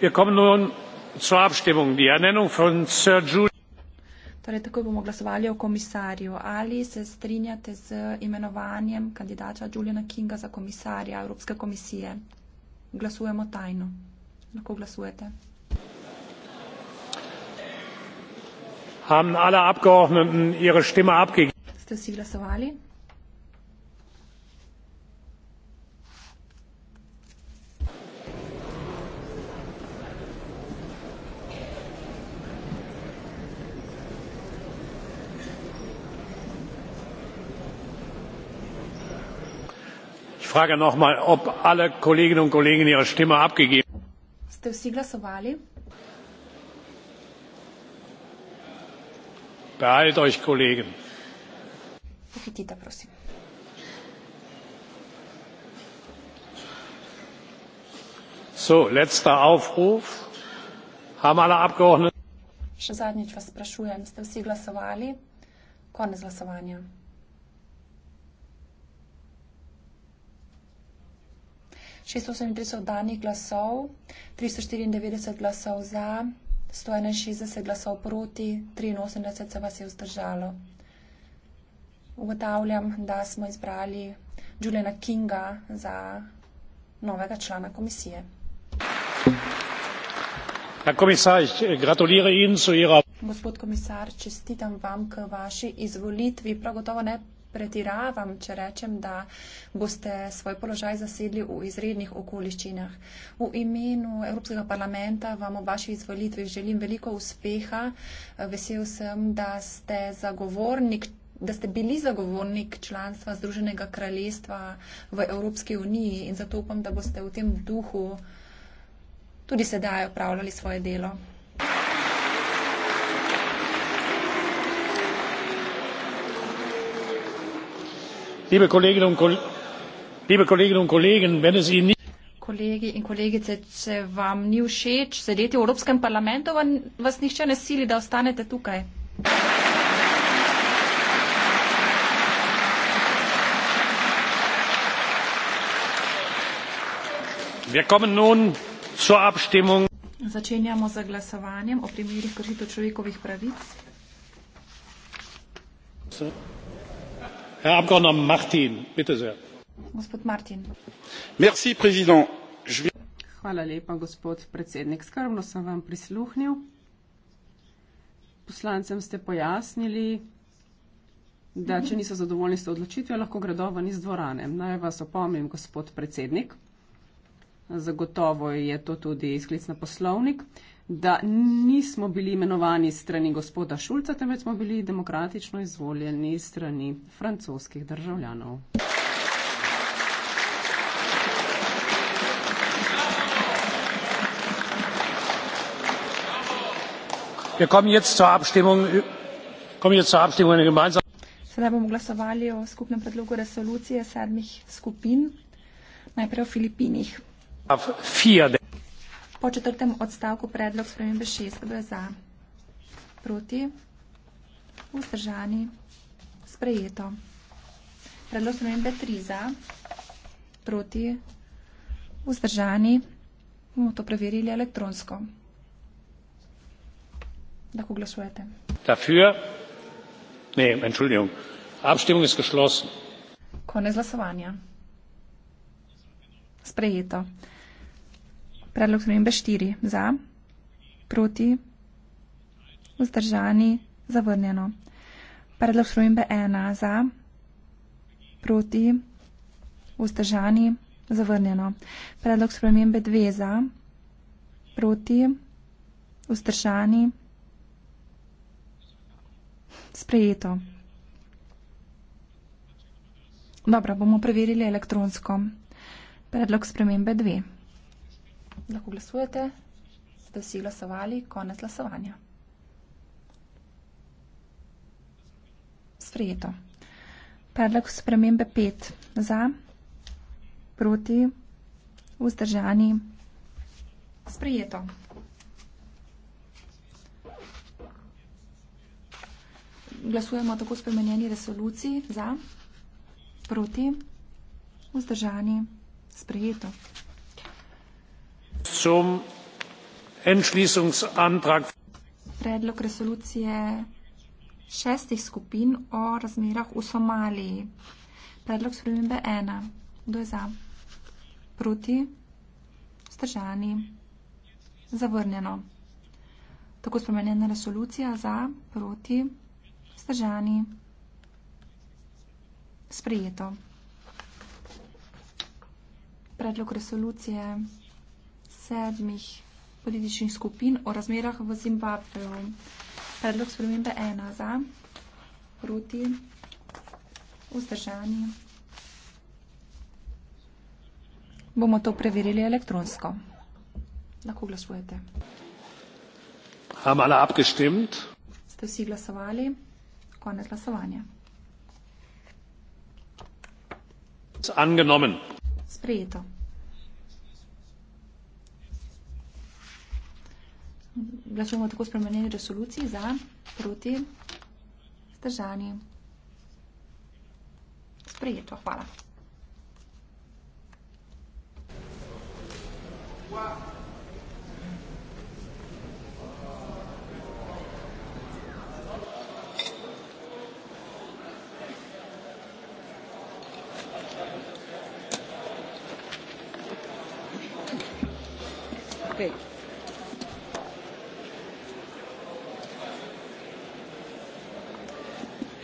wir kommen nun zur abstimmung die ernennung von sir julian Torej, takoj bomo glasovali o komisarju. Ali se strinjate z imenovanjem kandidata Juliana Kinga za komisarja Evropske komisije? Glasujemo tajno. Lahko glasujete. Haben alle abgeordneten ihre Stimme abgegeben? Ste vsi glasovali? frage noch einmal ob alle kolleginnen und kollegen ihre stimme abgegeben haben. beeilt euch kollegen! so letzter aufruf haben alle abgeordneten? 638 danih glasov, 394 glasov za, 161 glasov proti, 83 se vas je vzdržalo. Ugotavljam, da smo izbrali Juliana Kinga za novega člana komisije. Äh, Gospod komisar, čestitam vam k vaši izvolitvi. Pravgotovo ne pretiravam, če rečem, da boste svoj položaj zasedli v izrednih okoliščinah. V imenu Evropskega parlamenta vam ob vaši izvolitvi želim veliko uspeha. Vesel sem, da ste zagovornik da ste bili zagovornik članstva Združenega kraljestva v Evropski uniji in zato upam, da boste v tem duhu tudi sedaj opravljali svoje delo. Kolegi in kolegice, če vam ni všeč sedeti v Evropskem parlamentu, vas nihče ne sili, da ostanete tukaj. Začenjamo z glasovanjem o primerih kršitev človekovih pravic monsieur le président skrbno sem vam prisluhnil. Poslancem ste pojasnili, da če niso zadovoljni s to odločitvijo, lahko gredo ven iz dvorane. Naj vas opomnim, gospod predsednik, zagotovo je to tudi sklic na poslovnik da nismo bili imenovani strani gospoda Šulca, temveč smo bili demokratično izvoljeni strani francoskih državljanov. Sedaj bomo glasovali o skupnem predlogu resolucije sedmih skupin, najprej o Filipinih. 4. Po četrtem odstavku predlog spremembe šest bi bil za, proti, vzdržani, sprejeto. Predlog spremembe tri za, proti, vzdržani, bomo to preverili elektronsko. Lahko glasujete. Dafür? Ne, entschuldigung. Abstimmung ist geschlossen. Konec glasovanja. Sprejeto. Predlog spremembe štiri. Za, proti, vzdržani, zavrnjeno. Predlog spremembe ena. Za, proti, vzdržani, zavrnjeno. Predlog spremembe dve. Za, proti, vzdržani, sprejeto. Dobro, bomo preverili elektronsko. Predlog spremembe dve lahko glasujete, ste vsi glasovali, konec glasovanja. Sprejeto. Predlog spremembe 5 za, proti, vzdržani. Sprejeto. Glasujemo tako spremenjeni resoluciji za, proti, vzdržani. Sprejeto zum entschließungsantrag predlog resolucije šestih skupin o razmerah v Somaliji predlog spremembe 1 kdo je za proti vzdržani zavrnjeno tako spremenjena resolucija za proti vzdržani sprejeto predlog resolucije sedmih političnih skupin o razmerah v Zimbabveju. Predlog spremembe ena za, proti, vzdržani. Bomo to preverili elektronsko. Lahko glasujete. Hamala abgestimmt. Ste vsi glasovali? Konec glasovanja. Angenommen. Sprejeto. Glasujemo tako spremenjeni resoluciji za, proti, zdržani. Sprejeto, hvala. Wow.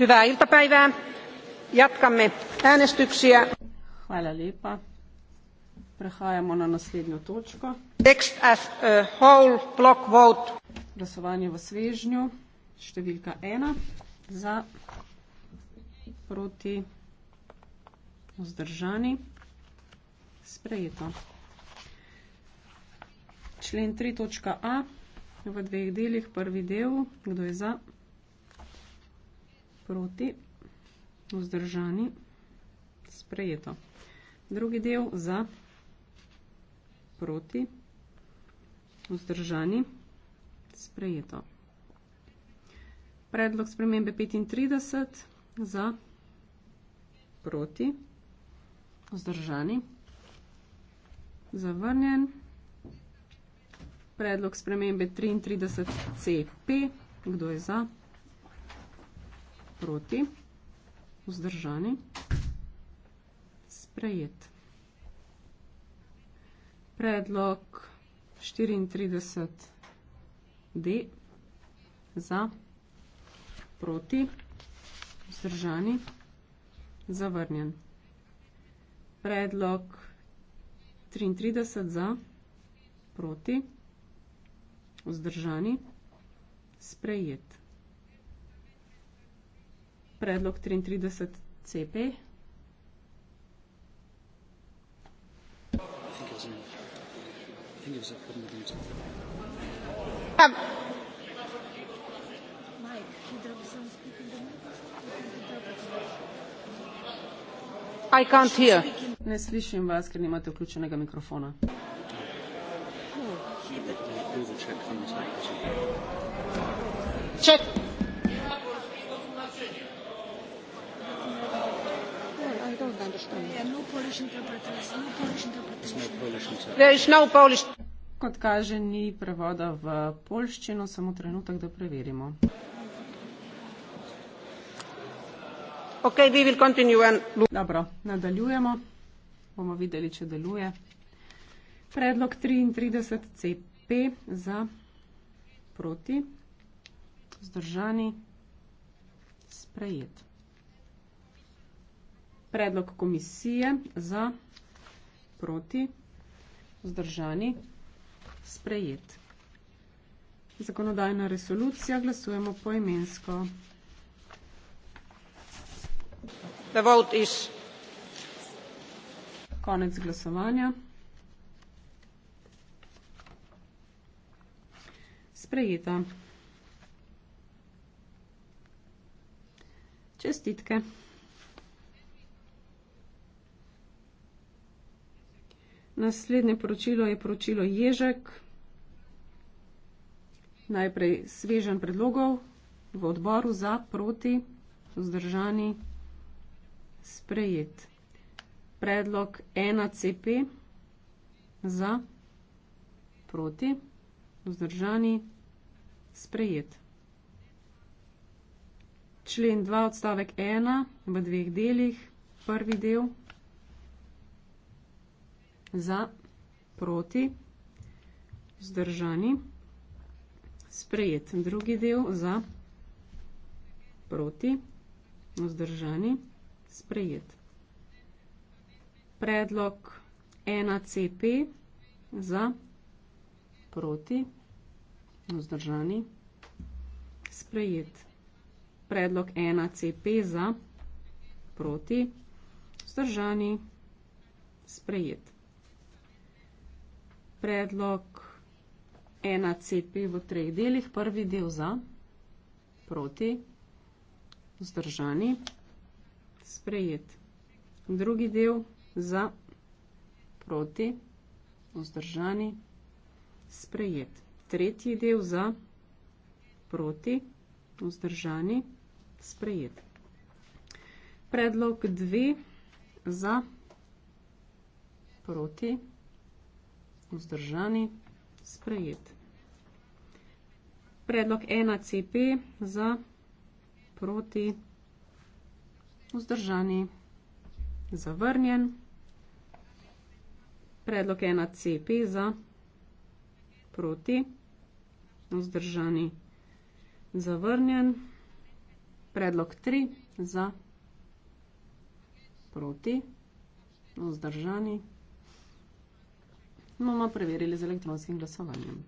hyvää iltapäivää jatkamme äänestyksiä text as a whole block vote glasovanje v svežnju številka ena za proti vzdržani sprejeto člen tri točka a v dveh delih prvi del kdo je za proti, vzdržani, sprejeto. Drugi del za, proti, vzdržani, sprejeto. Predlog spremembe 35 za, proti, vzdržani, zavrnjen. Predlog spremembe 33 CP, kdo je za? proti, vzdržani, sprejet. Predlog 34D za, proti, vzdržani, zavrnjen. Predlog 33 za, proti, vzdržani, sprejet predlog 33 CP. Ne slišim vas, ker nimate vključenega mikrofona. Check. No Kot kaže, ni prevoda v polščino, samo trenutek, da preverimo. Okay, we will continue and... Dobro, nadaljujemo. Bomo videli, če deluje. Predlog 33 CP za proti. Zdržani. Sprejet predlog komisije za proti vzdržani sprejet. Zakonodajna resolucija glasujemo poimensko. The vote is. Konec glasovanja. Sprejeta. Čestitke. Naslednje poročilo je poročilo Ježek. Najprej svežen predlogov v odboru za, proti, vzdržani, sprejet. Predlog 1CP za, proti, vzdržani, sprejet. Člen 2 odstavek 1 v dveh delih, prvi del za, proti, vzdržani, sprejet. Drugi del za, proti, vzdržani, sprejet. Predlog 1CP za, proti, vzdržani, sprejet. Predlog 1CP za, proti, vzdržani, sprejet predlog ena cepi v treh delih. Prvi del za, proti, vzdržani, sprejet. Drugi del za, proti, vzdržani, sprejet. Tretji del za, proti, vzdržani, sprejet. Predlog dve za, proti, vzdržani, sprejet vzdržani, sprejet. Predlog 1 CP za proti vzdržani, zavrnjen. Predlog 1 CP za proti vzdržani, zavrnjen. Predlog 3 za proti vzdržani, zavrnjen bomo preverili z elektronskim glasovanjem.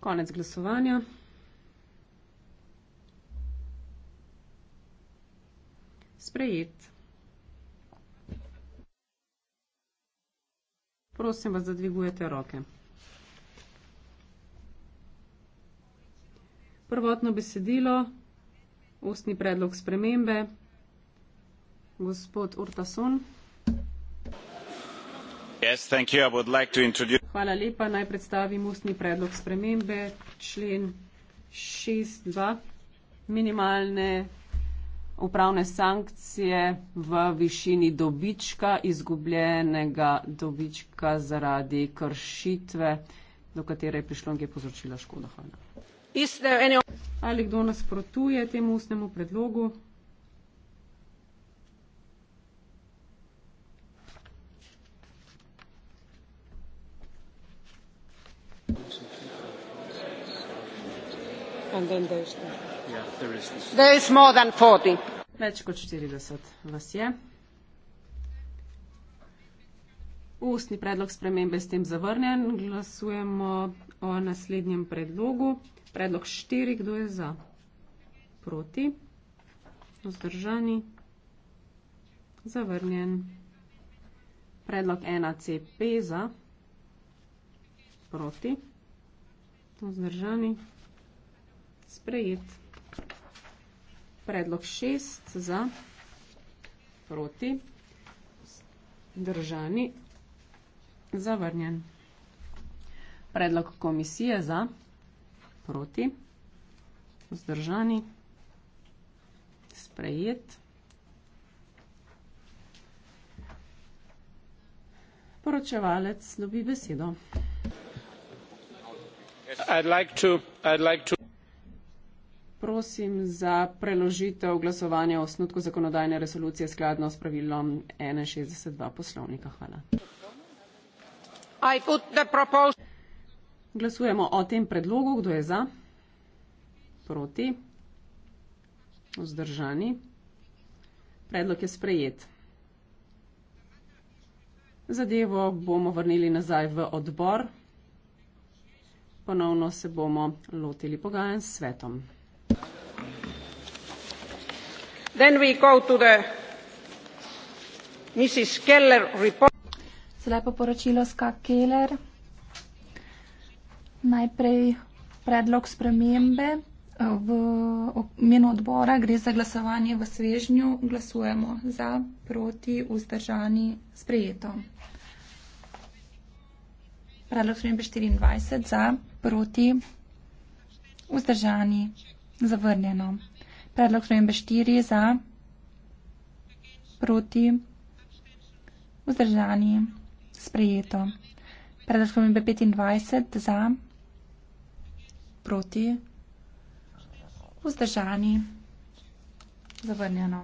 Konec glasovanja. Sprejet. Prosim vas, da dvigujete roke. Prvotno besedilo ustni predlog spremembe. Gospod Urtason. Yes, like introduce... Hvala lepa. Naj predstavim ustni predlog spremembe, člen 6.2. Minimalne upravne sankcije v višini dobička, izgubljenega dobička zaradi kršitve, do katere je prišlo in ki je povzročila škodo. Hvala ali kdo nasprotuje temu ustnemu predlogu. Več kot 40 vas je. Ustni predlog spremembe s tem zavrnjen. Glasujemo o naslednjem predlogu. Predlog štiri, kdo je za? Proti? Vzdržani? Zavrnjen. Predlog 1C5 za? Proti? Vzdržani? Sprejet. Predlog 6 za? Proti? Držani, Zavrnjen. Predlog komisije za, proti, vzdržani, sprejet. Poročevalec dobi besedo. Prosim za preložitev glasovanja o osnutku zakonodajne resolucije skladno s pravilom 61.2 poslovnika. Hvala. Glasujemo o tem predlogu. Kdo je za? Proti? Vzdržani? Predlog je sprejet. Zadevo bomo vrnili nazaj v odbor. Ponovno se bomo lotili pogajanj s svetom. Then we go to the Mrs. Keller report. Sedaj pa poročilo Ska Keller. Najprej predlog spremembe eh, v imenu odbora. Gre za glasovanje v svežnju. Glasujemo za, proti, vzdržani, sprejeto. Predlog spremembe 24 za, proti, vzdržani, zavrnjeno. Predlog spremembe 4 za, proti, vzdržani, zavrnjeno sprejeto. Predlog spremembe 25 za, proti, vzdržani, zavrnjeno.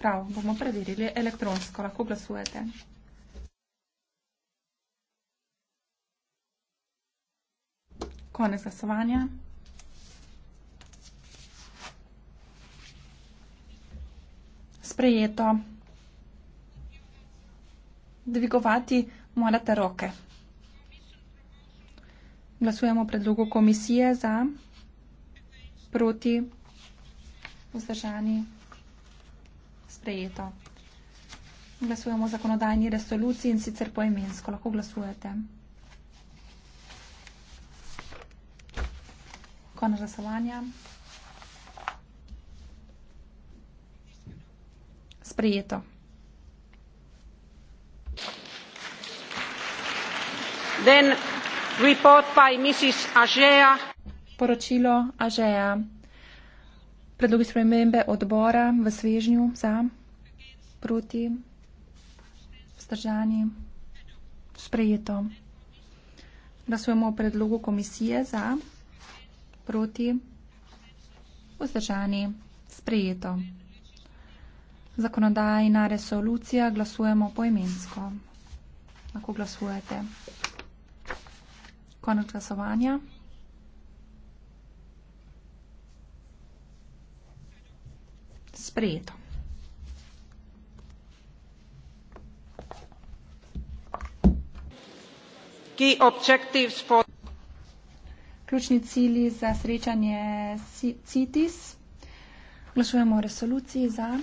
Prav, bomo preverili elektronsko, lahko glasujete. Konec glasovanja. Sprejeto dvigovati morate roke. Glasujemo o predlogu komisije za, proti, vzdržani, sprejeto. Glasujemo o zakonodajni resoluciji in sicer poimensko. Lahko glasujete. Konec glasovanja. Sprejeto. Poročilo Ažeja. Predlogi spremembe odbora v svežnju za, proti, vzdržani, sprejeto. Glasujemo o predlogu komisije za, proti, vzdržani, sprejeto. Zakonodajna resolucija glasujemo poimensko. Lahko glasujete. Konec glasovanja. Sprejeto. Ključni cilji za srečanje CITIS. Glasujemo o resoluciji za,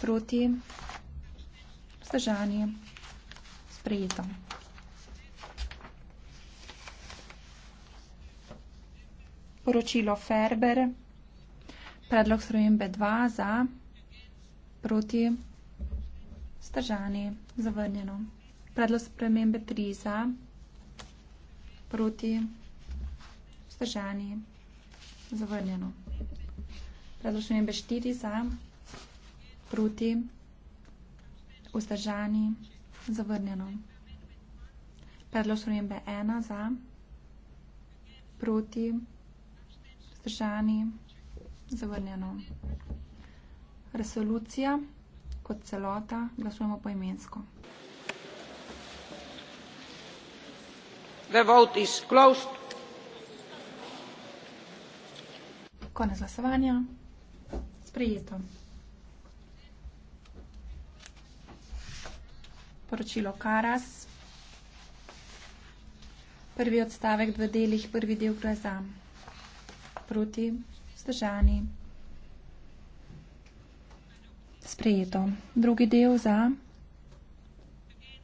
proti, vzdržani, sprejeto. Poročilo Ferber. Predlog srojenbe 2 za, proti, stržani, zavrnjeno. Predlog spremembe 3 za, proti, stržani, zavrnjeno. Predlog spremembe 4 za, proti, vzdržani, zavrnjeno. Predlog spremembe 1 za, proti, vzdržani vzdržani, zavrnjeno. Resolucija kot celota glasujemo poimensko. The vote is closed. Konec glasovanja. Sprejeto. Poročilo Karas. Prvi odstavek v delih, prvi del gre za. Proti. Zdržani. Sprejeto. Drugi del za.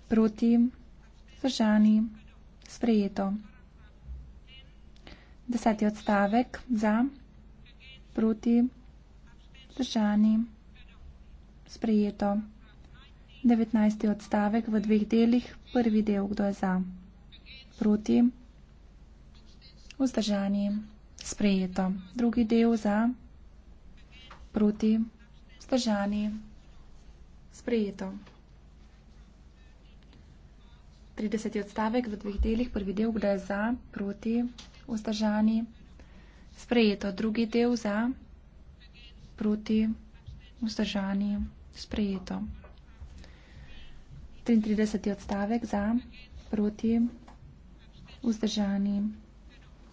Proti. Zdržani. Sprejeto. Deseti odstavek za. Proti. Zdržani. Sprejeto. Devetnajsti odstavek v dveh delih. Prvi del, kdo je za. Proti. Vzdržani sprejeto. Drugi del za, proti, vzdržani, sprejeto. 30. odstavek v dveh delih, prvi del, kdaj je za, proti, vzdržani, sprejeto. Drugi del za, proti, vzdržani, sprejeto. 33. odstavek za, proti, vzdržani,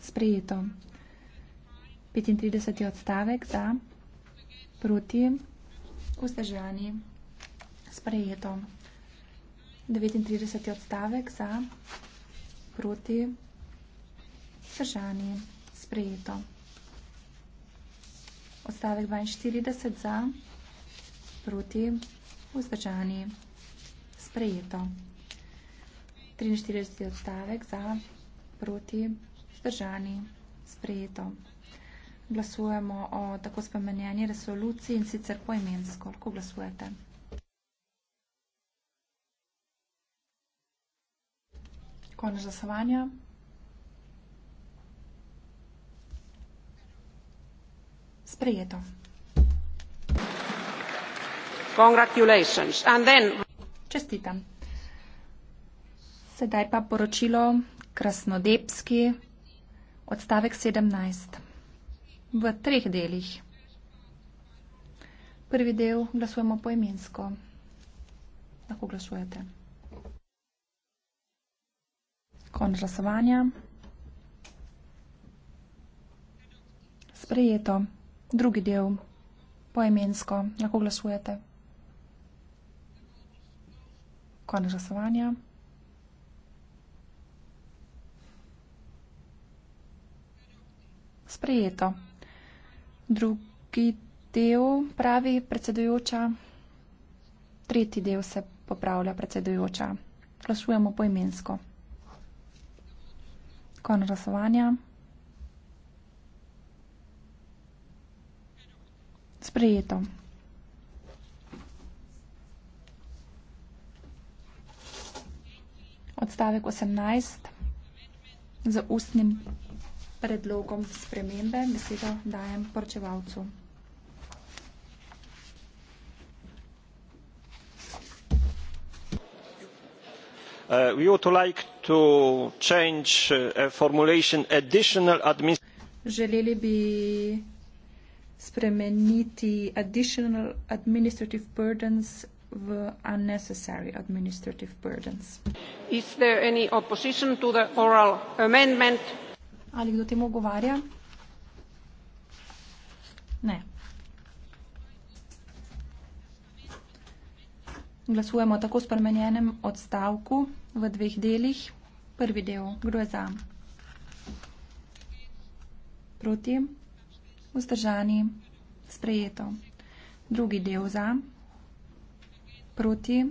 sprejeto. 35. odstavek za, proti, vzdržani, sprejeto. 39. odstavek za, proti, vzdržani, sprejeto. Odstavek 42 za, proti, vzdržani, sprejeto. 43. odstavek za, proti, vzdržani, sprejeto glasujemo o tako spremenjeni resoluciji in sicer poimensko. Lahko glasujete. Konec glasovanja. Sprejeto. Then... Čestitam. Sedaj pa poročilo Krasnodebski, odstavek 17 v treh delih. Prvi del glasujemo poimensko. Lahko glasujete. Konč glasovanja. Sprejeto. Drugi del poimensko. Lahko glasujete. Konč glasovanja. Sprejeto drugi del, pravi predsedujoča. Tretji del se popravlja predsedujoča. Glasujemo poimensko. Konec glasovanja. Sprejeto. Odstavek 18 z ustnim predlogom spremembe. Besedo dajem poročevalcu. Uh, uh, Želeli bi spremeniti additional administrative burdens v unnecessary administrative burdens. Is there any opposition to the oral amendment? Ali kdo temu ogovarja? Ne. Glasujemo tako spremenjenem odstavku v dveh delih. Prvi del, kdo je za? Proti? Vzdržani? Sprejeto. Drugi del za? Proti?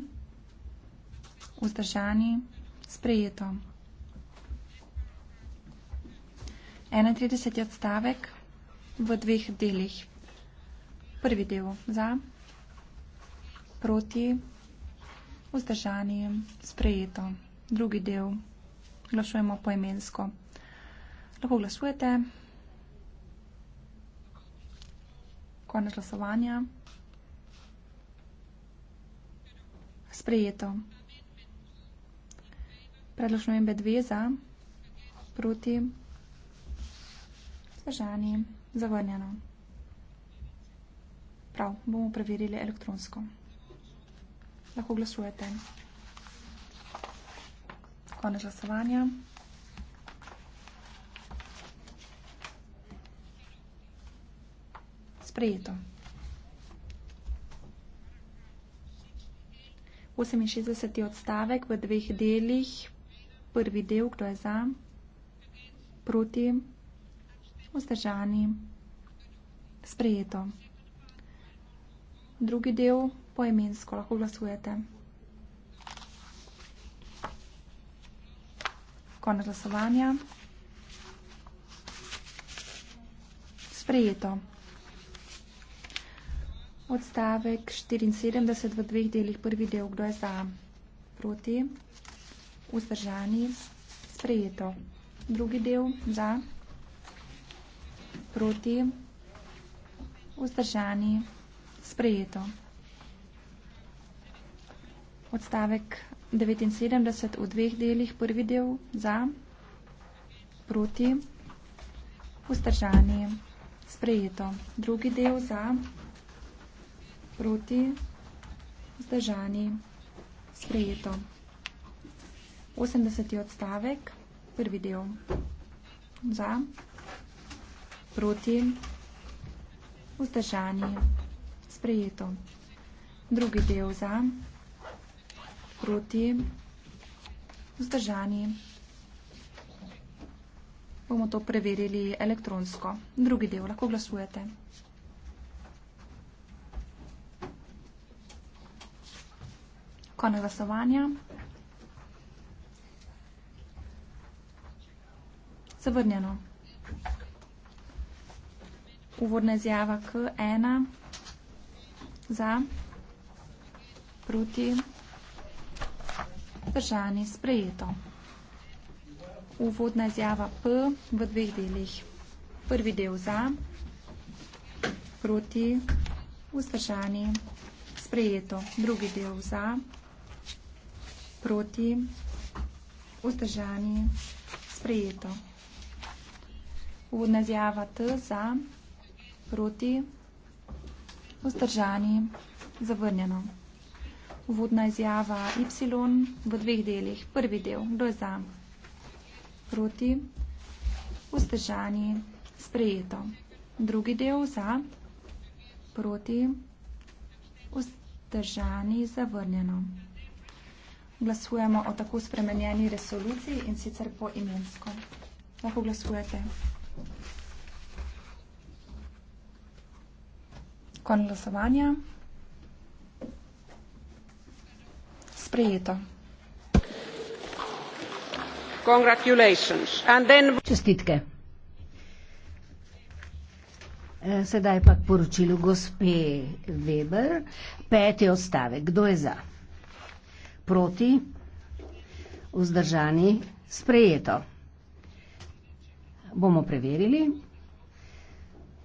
Vzdržani? Sprejeto. 31. odstavek v dveh delih. Prvi del za, proti, vzdržanje, sprejeto. Drugi del glasujemo poemensko. Lahko glasujete. Konec glasovanja. Sprejeto. Predložno MB2 za, proti, vzdržanje vprašanji. Zavrnjeno. Prav, bomo preverili elektronsko. Lahko glasujete. Konec glasovanja. Sprejeto. 68. odstavek v dveh delih. Prvi del, kdo je za? Proti vzdržani. Sprejeto. Drugi del poemensko lahko glasujete. Konec glasovanja. Sprejeto. Odstavek 74 v dveh delih. Prvi del, kdo je za, proti, vzdržani, sprejeto. Drugi del, za proti? Vzdržani. Sprejeto. Odstavek 79 v dveh delih. Prvi del za, proti, vzdržani. Sprejeto. Drugi del za, proti, vzdržani. Sprejeto. 80. odstavek. Prvi del za, Proti? Vzdržani? Sprejeto. Drugi del za? Proti? Vzdržani? Bomo to preverili elektronsko. Drugi del, lahko glasujete. Konec glasovanja. Zavrnjeno uvodna izjava K, ena, za, proti, držani, sprejeto. Uvodna izjava P v dveh delih. Prvi del za, proti, vzdržani, sprejeto. Drugi del za, proti, vzdržani, sprejeto. Uvodna izjava T za, proti, vzdržani, sprejeto. Proti? Vzdržani? Zavrnjeno. Uvodna izjava Y v dveh delih. Prvi del. Kdo je za? Proti? Vzdržani? Sprejeto. Drugi del. Za? Proti? Vzdržani? Zavrnjeno. Glasujemo o tako spremenjeni resoluciji in sicer po imensko. Lahko glasujete. Hvala. Konj glasovanja. Sprejeto. Congratulations. And then... Čestitke. E, sedaj pa poročilo gospe Weber. Peti odstavek. Kdo je za? Proti? Vzdržani? Sprejeto. Bomo preverili.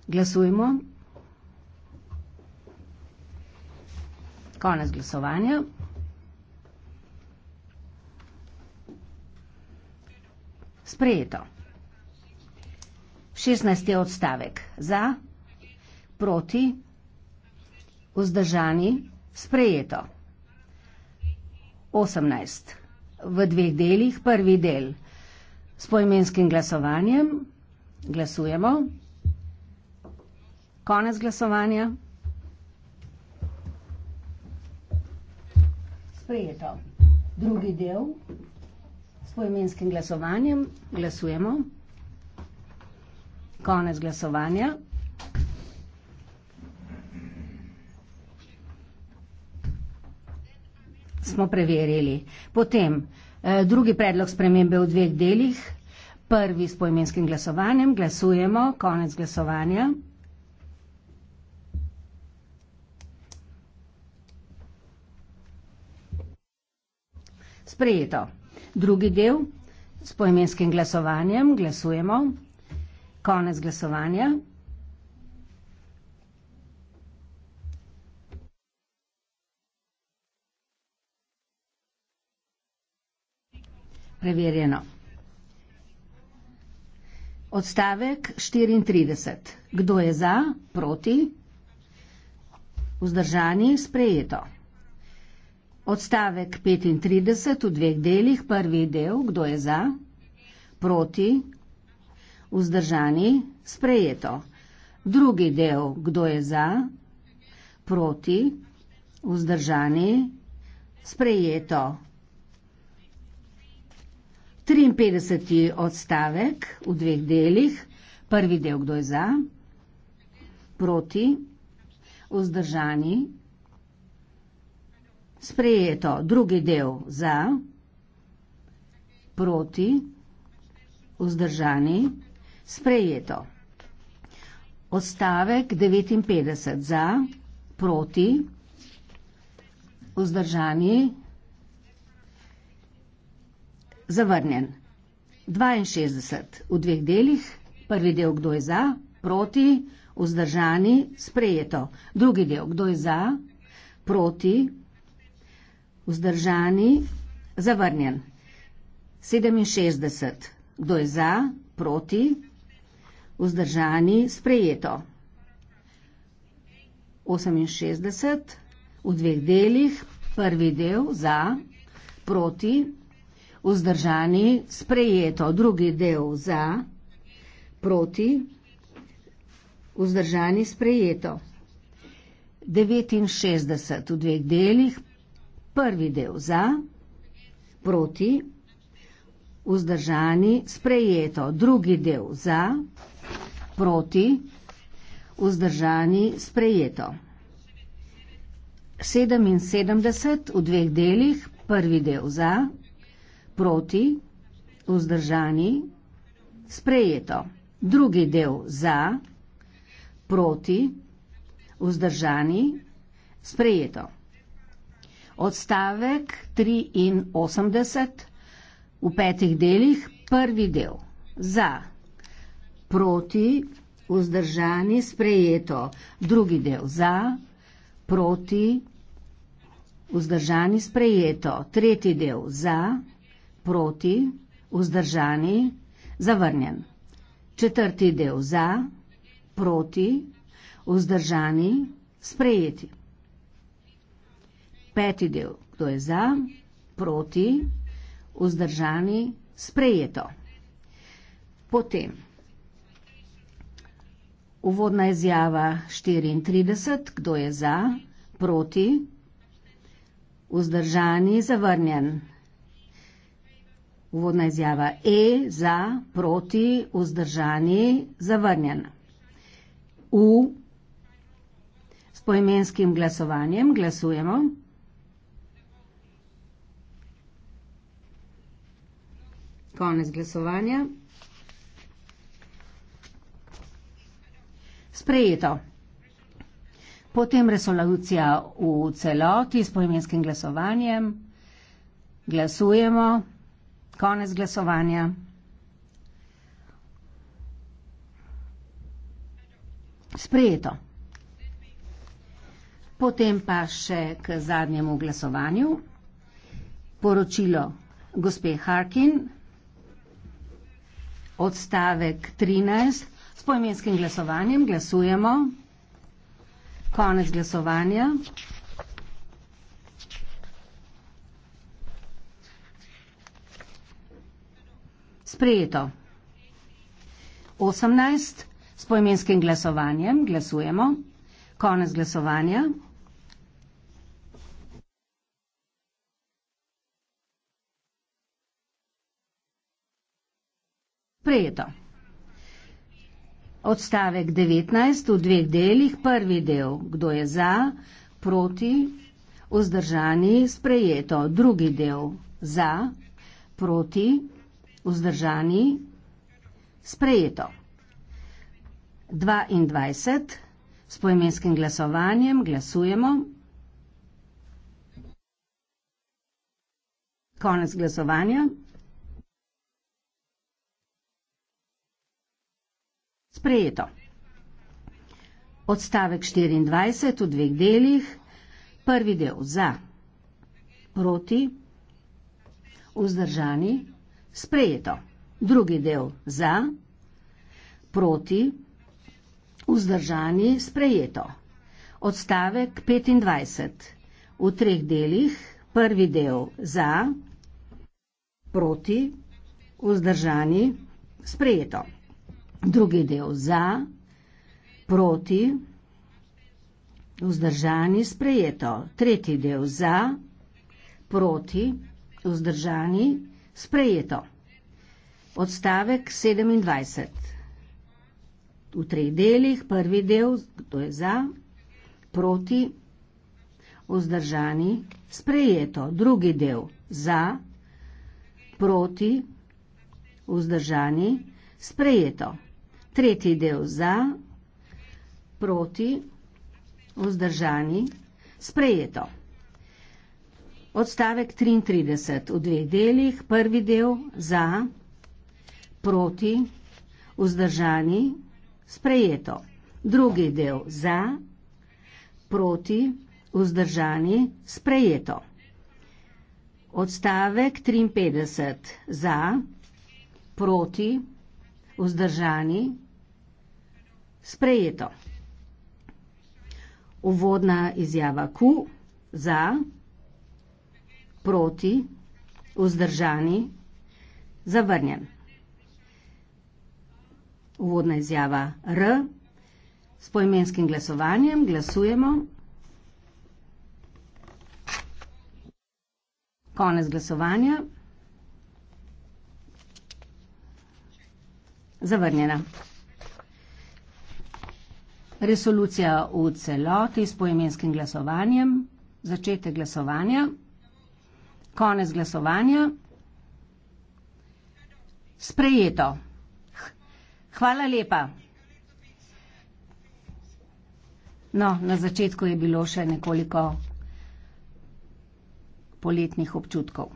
Glasujemo. Konec glasovanja. Sprejeto. 16. odstavek. Za, proti, vzdržani, sprejeto. 18. V dveh delih, prvi del s poimenskim glasovanjem, glasujemo. Konec glasovanja. Sprejeto. Drugi del s poimenskim glasovanjem. Glasujemo. Konec glasovanja. Smo preverili. Potem eh, drugi predlog spremembe v dveh delih. Prvi s poimenskim glasovanjem. Glasujemo. Konec glasovanja. Sprejeto. Drugi del s poimenskim glasovanjem. Glasujemo. Konec glasovanja. Preverjeno. Odstavek 34. Kdo je za? Proti? Vzdržani? Sprejeto. Odstavek 35 v dveh delih, prvi del, kdo je za, proti, vzdržani, sprejeto. Drugi del, kdo je za, proti, vzdržani, sprejeto. 53. odstavek v dveh delih, prvi del, kdo je za, proti, vzdržani, sprejeto. Sprejeto. Drugi del. Za. Proti. Vzdržani. Sprejeto. Odstavek 59. Za. Proti. Vzdržani. Zavrnjen. 62. V dveh delih. Prvi del, kdo je za. Proti. Vzdržani. Sprejeto. Drugi del, kdo je za. Proti. Vzdržani. Vzdržani? Zavrnjen. 67. Kdo je za? Proti? Vzdržani? Sprejeto. 68. V dveh delih. Prvi del za, proti, vzdržani, sprejeto. Drugi del za, proti, vzdržani, sprejeto. 69 v dveh delih, prvi del za, proti, vzdržani, sprejeto, drugi del za, proti, vzdržani, sprejeto. 77 v dveh delih, prvi del za, proti, vzdržani, sprejeto, drugi del za, proti, vzdržani, sprejeto odstavek 83 v petih delih, prvi del za, proti, vzdržani, sprejeto, drugi del za, proti, vzdržani, sprejeto, tretji del za, proti, vzdržani, zavrnjen, četrti del za, proti, vzdržani, sprejeti peti del, kdo je za, proti, vzdržani, sprejeto. Potem uvodna izjava 34, kdo je za, proti, vzdržani, zavrnjen. Uvodna izjava E, za, proti, vzdržani, zavrnjen. U, s poimenskim glasovanjem glasujemo. Konec glasovanja. Sprejeto. Potem resolucija v celoti s poimenskim glasovanjem. Glasujemo. Konec glasovanja. Sprejeto. Potem pa še k zadnjemu glasovanju. Poročilo gospe Harkin odstavek 13. S poimenskim glasovanjem glasujemo. Konec glasovanja. Sprejeto. 18. S poimenskim glasovanjem glasujemo. Konec glasovanja. Vedo. Odstavek 19 v dveh delih, prvi del, kdo je za, proti, vzdržani, sprejeto, drugi del, za, proti, vzdržani, sprejeto. 22 s poimenskim glasovanjem glasujemo. Konec glasovanja. sprejeto. Odstavek 24 v dveh delih. Prvi del za, proti, vzdržani, sprejeto. Drugi del za, proti, vzdržani, sprejeto. Odstavek 25 v treh delih. Prvi del za, proti, vzdržani, sprejeto drugi del za, proti, vzdržani, sprejeto. Tretji del za, proti, vzdržani, sprejeto. Odstavek 27. V treh delih, prvi del, to je za, proti, vzdržani, sprejeto. Drugi del za, proti, vzdržani, sprejeto tretji del za, proti, vzdržani, sprejeto. Odstavek 33 v dveh delih, prvi del za, proti, vzdržani, sprejeto. Drugi del za, proti, vzdržani, sprejeto. Odstavek 53 za, proti, vzdržani, sprejeto sprejeto. Uvodna izjava Q za, proti, vzdržani, zavrnjen. Uvodna izjava R s poimenskim glasovanjem glasujemo. Konec glasovanja. Zavrnjena resolucija v celoti s poimenskim glasovanjem, začetek glasovanja, konec glasovanja, sprejeto. Hvala lepa. No, na začetku je bilo še nekoliko poletnih občutkov.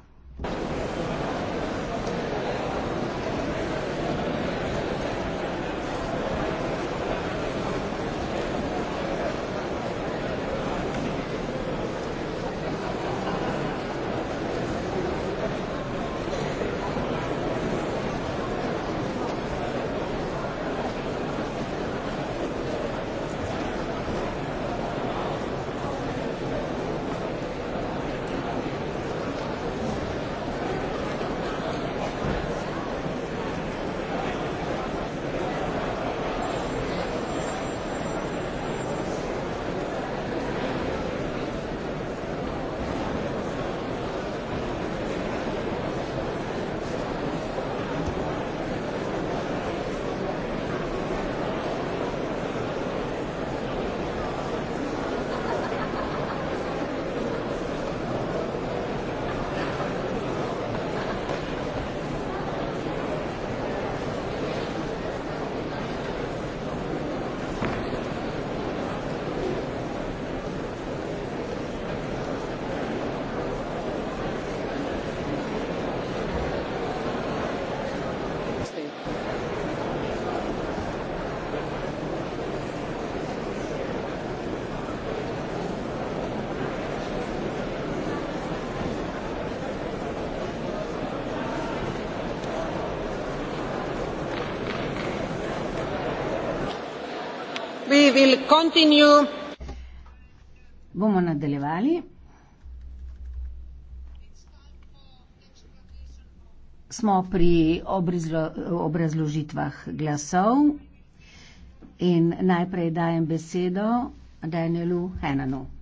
continue. Bomo nadaljevali. Smo pri obrazložitvah glasov in najprej dajem besedo Danielu Henanu.